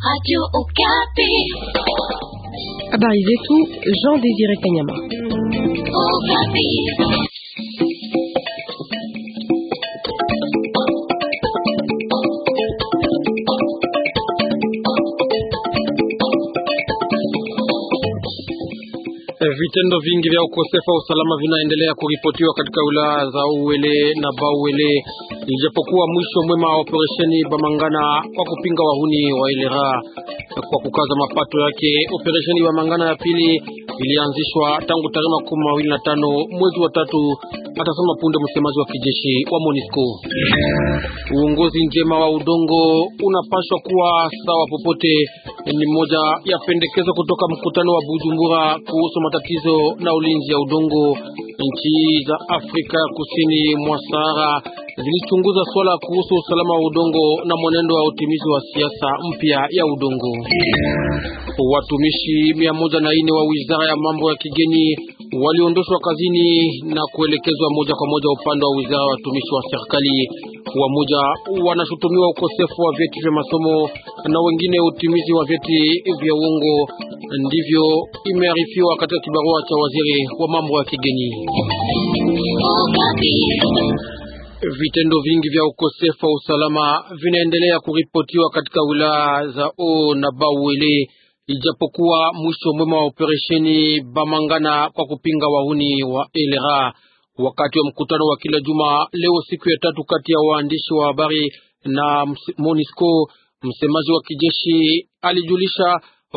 Radio Okapi. Habari zetu Jean Désiré Kanyama. Okapi. Eh, vitendo vingi vya ukosefu wa usalama vinaendelea kuripotiwa katika wilaya za Uwele na Bauwele, ijapokuwa mwisho mwema wa operesheni Bamangana kwa kupinga wahuni wa Ilera Kwa kukaza mapato yake, operesheni Bamangana ya pili ilianzishwa tangu tarehe makumi mawili na tano mwezi wa tatu, atasema punde msemaji wa kijeshi wa Monisco. Uongozi njema wa udongo unapaswa kuwa sawa popote ni moja ya pendekezo kutoka mkutano wa Bujumbura kuhusu matatizo na ulinzi ya udongo. Nchi za Afrika kusini mwa Sahara zilichunguza swala kuhusu usalama wa udongo na mwenendo wa utimizi wa siasa mpya ya udongo. Watumishi mia moja na ine wa wizara ya mambo ya kigeni waliondoshwa kazini na kuelekezwa moja kwa moja upande wa wizara ya watumishi wa serikali. Wamoja wanashutumiwa ukosefu wa vyeti vya masomo na wengine utimizi wa vyeti vya uongo. Ndivyo imearifiwa katika kibarua cha waziri wa mambo ya kigeni. Vitendo vingi vya ukosefu wa usalama vinaendelea kuripotiwa katika wilaya za O na Bauele ijapokuwa mwisho mwema wa operesheni Bamangana kwa kupinga wahuni wa elera wakati wa mkutano wa kila juma leo siku ya tatu kati ya waandishi wa habari na MONUSCO, msemaji wa kijeshi alijulisha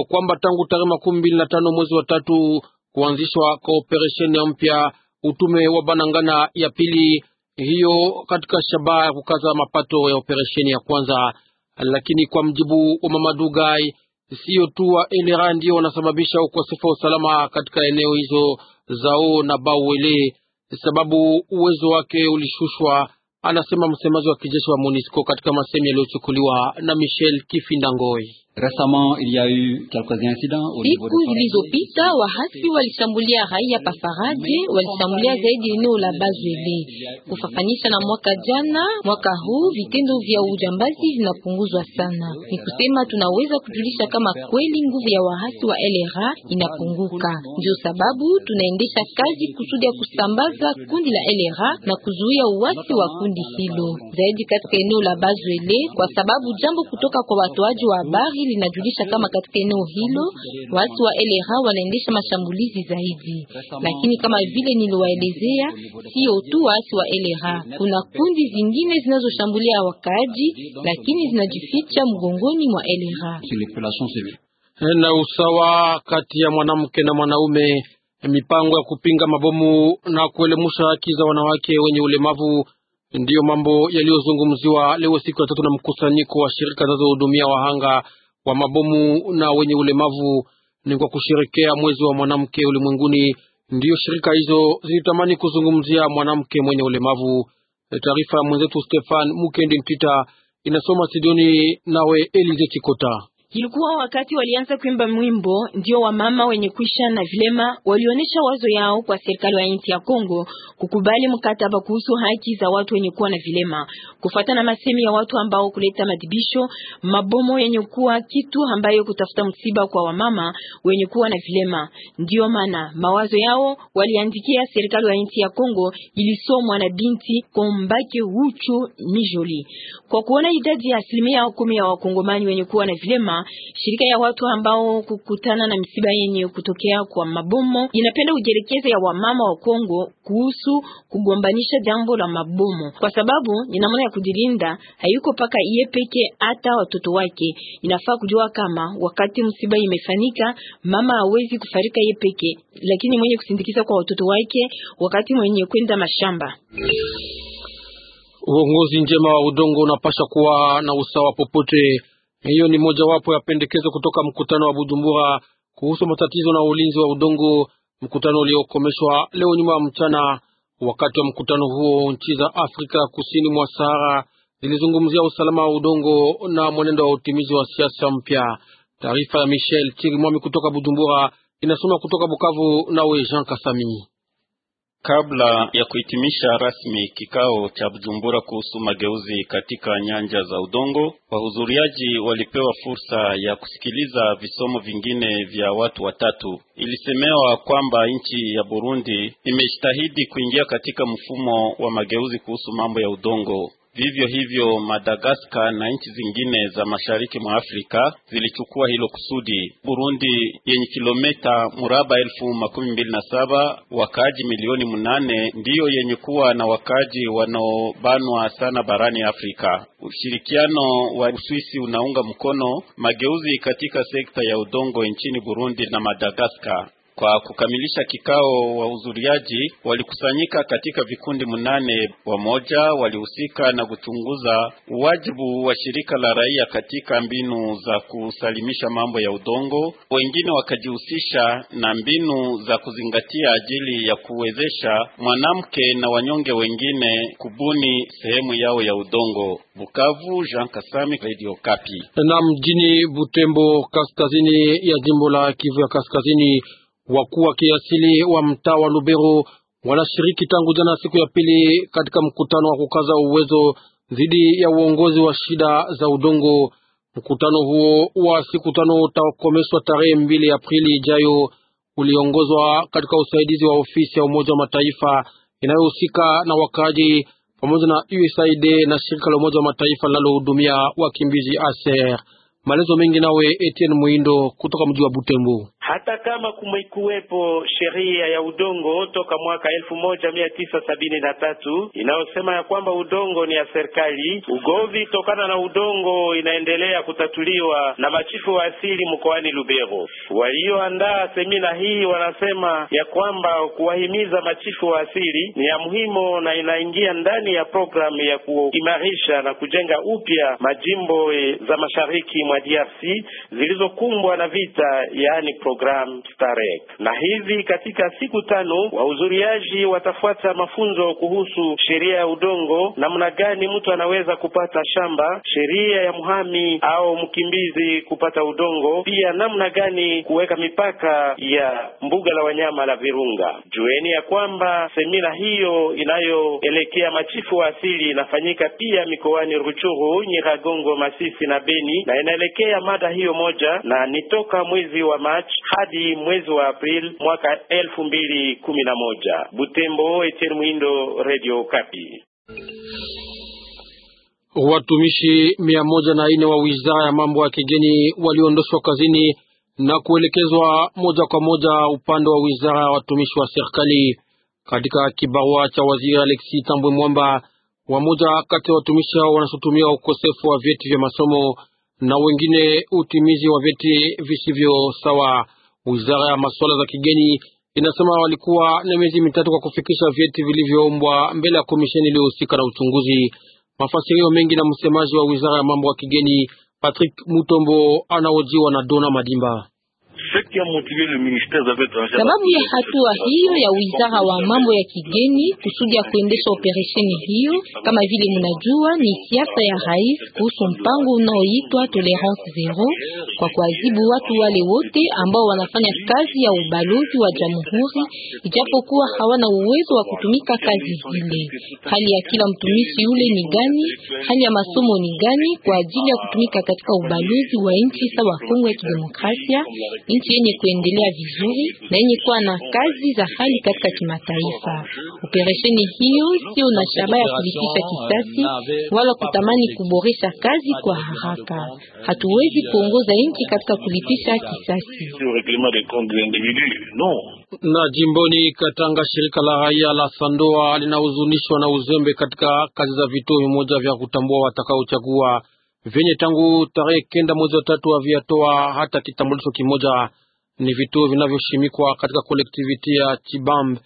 kwamba tangu tarehe makumi mbili na tano mwezi wa tatu kuanzishwa kwa operesheni ya mpya utume wa Banangana ya pili, hiyo katika shabaha ya kukaza mapato ya operesheni ya kwanza. Lakini kwa mjibu wa Mamadugai Sio tu wa elera ndio wanasababisha ukosefu wa usalama katika eneo hizo zao na Bawele, sababu uwezo wake ulishushwa, anasema msemaji wa kijeshi wa MONUSCO katika masemi yaliyochukuliwa na Michel kifindangoi Siku zilizopita wahasi walishambulia raia Pafaraje, walishambulia zaidi eneo la Bazwele kufafanisha na mwaka jana. Mwaka huu vitendo vya ujambazi vinapunguzwa sana, ni kusema tunaweza kujulisha kama kweli nguvu ya wahasi wa LRA inapunguka. Ndio sababu tunaendesha kazi kusudi ya kusambaza kundi la LRA na kuzuia uwasi wa kundi hilo zaidi katika eneo la Bazwele, kwa sababu jambo kutoka kwa watoaji wa habari linajulisha kama katika eneo hilo watu wa LRA wanaendesha mashambulizi zaidi, lakini kama vile niliwaelezea, sio tu watu wa LRA, kuna kundi zingine zinazoshambulia wakaaji, lakini zinajificha mgongoni mwa LRA. Na usawa kati ya mwanamke na mwanaume, mipango ya kupinga mabomu na kuelemusha haki za wanawake wenye ulemavu ndiyo mambo yaliyozungumziwa leo siku ya tatu na mkusanyiko wa shirika zinazohudumia wahanga wa mabomu na wenye ulemavu ni kwa kusherekea mwezi wa mwanamke ulimwenguni. Ndiyo shirika hizo zilitamani kuzungumzia mwanamke mwenye ulemavu. Taarifa ya mwenzetu Stefan Mukendi Mtita inasoma Sidoni nawe Elize Chikota. Ilikuwa wakati walianza kuimba mwimbo ndio wa mama wenye kuisha na vilema walionyesha wazo yao kwa serikali ya nchi ya Kongo kukubali mkataba kuhusu haki za watu wenye kuwa na vilema. Kufuatana na masemi ya watu ambao kuleta madhibisho, mabomo yenye kuwa kitu ambayo kutafuta msiba kwa wamama wenye kuwa na vilema. Ndio maana mawazo yao waliandikia serikali ya nchi ya Kongo ilisomwa na binti Kombake Uchu Mijoli. Kwa kuona idadi ya asilimia kumi ya wakongomani wenye kuwa na vilema shirika ya watu ambao kukutana na misiba yenye kutokea kwa mabomo inapenda ujelekeze ya wamama wa Kongo kuhusu kugombanisha jambo la mabomo, kwa sababu ni namna ya kujilinda. Hayuko paka iye peke, hata watoto wake inafaa kujua kama wakati msiba imefanyika, mama hawezi kufarika iye peke, lakini mwenye kusindikiza kwa watoto wake, wakati mwenye kwenda mashamba Uongozi njema wa udongo unapasha kuwa na usawa popote. Hiyo ni mojawapo ya pendekezo kutoka mkutano wa Bujumbura kuhusu matatizo na ulinzi wa udongo, mkutano uliokomeshwa leo nyuma ya mchana. Wakati wa mkutano huo, nchi za Afrika kusini mwa Sahara zilizungumzia usalama wa udongo na mwenendo wa utimizi wa siasa mpya. Taarifa ya Michel Chirimwami kutoka Bujumbura inasoma kutoka Bukavu, nawe Jean Kasami. Kabla ya kuhitimisha rasmi kikao cha Bujumbura kuhusu mageuzi katika nyanja za udongo, wahudhuriaji walipewa fursa ya kusikiliza visomo vingine vya watu watatu. Ilisemewa kwamba nchi ya Burundi imejitahidi kuingia katika mfumo wa mageuzi kuhusu mambo ya udongo. Vivyo hivyo, Madagaskar na nchi zingine za mashariki mwa Afrika zilichukua hilo kusudi. Burundi yenye kilomita mraba elfu makumi mbili na saba wakaaji milioni mnane ndiyo yenye kuwa na wakaaji wanaobanwa sana barani Afrika. Ushirikiano wa Uswisi unaunga mkono mageuzi katika sekta ya udongo nchini Burundi na Madagaskar. Kwa kukamilisha kikao, wahudhuriaji walikusanyika katika vikundi mnane. Wamoja walihusika na kuchunguza wajibu wa shirika la raia katika mbinu za kusalimisha mambo ya udongo, wengine wakajihusisha na mbinu za kuzingatia ajili ya kuwezesha mwanamke na wanyonge wengine kubuni sehemu yao ya udongo. Bukavu, Jean Kasami, Radio Kapi. Na mjini Butembo, kaskazini ya jimbo la Kivu ya Kaskazini Wakuu wa kiasili wa mtaa wa Lubero wanashiriki tangu jana siku ya pili katika mkutano wa kukaza uwezo dhidi ya uongozi wa shida za udongo. Mkutano huo wa siku tano utakomeshwa tarehe mbili Aprili ijayo. Uliongozwa katika usaidizi wa ofisi ya Umoja wa Mataifa inayohusika na wakaaji pamoja na USAID na shirika la Umoja wa Mataifa linalohudumia wakimbizi ASER. Maelezo mengi nawe Etienne Muindo kutoka mji wa Butembo hata kama kumekuwepo sheria ya udongo toka mwaka elfu moja mia tisa sabini na tatu inayosema ya kwamba udongo ni ya serikali, ugovi tokana na udongo inaendelea kutatuliwa na machifu wa asili mkoani Lubero. Walioandaa semina hii wanasema ya kwamba kuwahimiza machifu wa asili ni ya muhimu na inaingia ndani ya programu ya kuimarisha na kujenga upya majimbo za mashariki mwa DRC zilizokumbwa na vita, yaani program Starek. Na hivi katika siku tano wahudhuriaji watafuata mafunzo kuhusu sheria ya udongo, namna gani mtu anaweza kupata shamba, sheria ya mhami au mkimbizi kupata udongo, pia namna gani kuweka mipaka ya mbuga la wanyama la Virunga. Jueni ya kwamba semina hiyo inayoelekea machifu wa asili inafanyika pia mikoani Ruchuru, Nyiragongo, Masisi na Beni, na inaelekea mada hiyo moja na ni toka mwezi wa Machi hadi mwezi wa Aprili mwaka elfu mbili kumi na moja. Butembo, Etienne Mwindo, Radio Kapi. Watumishi mia moja na nne wa wizara ya mambo ya kigeni waliondoshwa kazini na kuelekezwa moja kwa moja upande wa wizara ya watumishi wa serikali. Katika kibarua cha waziri Alexis Tambwe Mwamba, wamoja kati ya watumishi hao wanashutumiwa ukosefu wa vyeti vya masomo na wengine utimizi wa vyeti visivyo sawa. Wizara ya masuala za kigeni inasema walikuwa na miezi mitatu kwa kufikisha vyeti vilivyoombwa mbele ya komisheni iliyohusika na uchunguzi. Mafasirio mengi na msemaji wa wizara ya mambo ya kigeni Patrick Mutombo anaojiwa na Dona Madimba. Sababu ya hatua hiyo ya wizara wa mambo ya kigeni kusudi ya kuendesha operesheni hiyo, kama vile mnajua, ni siasa ya rais kuhusu mpango unaoitwa tolerance zero kwa kuadhibu watu wale wote ambao wanafanya kazi ya ubalozi wa jamhuri, ijapokuwa hawana uwezo wa kutumika kazi zile. Hali ya kila mtumishi yule ni gani? Hali ya masomo ni gani kwa ajili ya kutumika katika ubalozi wa nchi sawa Kongo ya Kidemokrasia, nchi yenye kuendelea vizuri na yenye kuwa na kazi za hali katika kimataifa. Operesheni hiyo sio na shabaha ya kulipisha kisasi wala kutamani kuboresha kazi kwa haraka. Hatuwezi kuongoza nchi katika kulipisha kisasi. Na jimboni Katanga, shirika la raia la Sandoa linahuzunishwa na uzembe katika kazi za vituo vimoja vya kutambua watakaochagua vyenye tangu tarehe kenda mwezi wa tatu haviyatoa hata kitambulisho kimoja ni vituo vinavyoshimikwa katika kolektiviti ya Chibamb.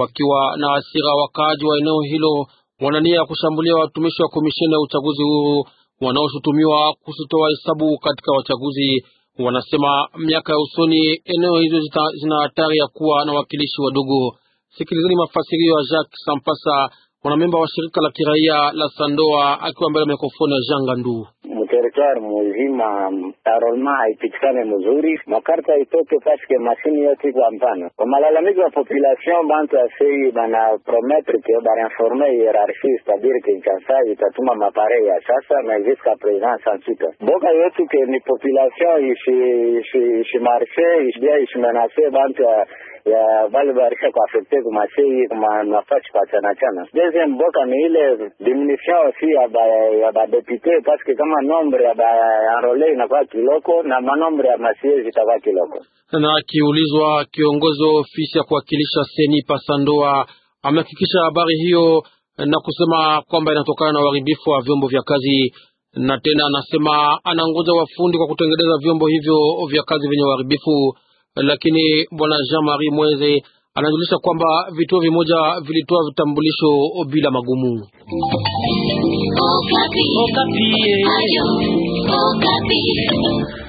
Wakiwa na hasira, wakaaji wa eneo hilo wanania kushambulia watumishi wa komisheni ya uchaguzi huru wanaoshutumiwa kusitoa hesabu katika wachaguzi. Wanasema miaka ya usoni eneo hizo zina hatari ya kuwa na wakilishi wadogo. Sikilizeni mafasirio ya Jacques Sampasa mwanamemba wa shirika la kiraia la Sandoa akiwa mbele ya mikrofoni ya Jean Gandu. Mteritwari muzima mm, arolma haipitikane mzuri, makarta itoke paske mashini yote kwa mpano kwa malalamiko ya population, bantu asei bana prometre ke informe hierarchi cetadire ke nkansa itatuma mapare ya sasa na jusqu'a present sansuta mboka yetu ke ni population ishi ishi ishi bia ishi ishimenase bantu ya vale barisha kwa kwa kwa afekte nafachi kwa chana chana deuxième mboka ni ile diminution si ya ba ya badepute paske kama nombre ya ba baenrole inakuwa kiloko na manombre ya masiezi itakuwa kiloko. Na akiulizwa kiongozi wa ofisi ya kuwakilisha seni Pasandoa amehakikisha habari hiyo na kusema kwamba inatokana na uharibifu wa vyombo vya kazi na tena anasema anangoja wafundi kwa kutengeneza vyombo hivyo vya kazi vyenye uharibifu. Lakini bwana Jean Marie Mweze anajulisha kwamba vituo vimoja vilitoa vitambulisho bila magumu. Okapi. Okapi. Ayo. Okapi.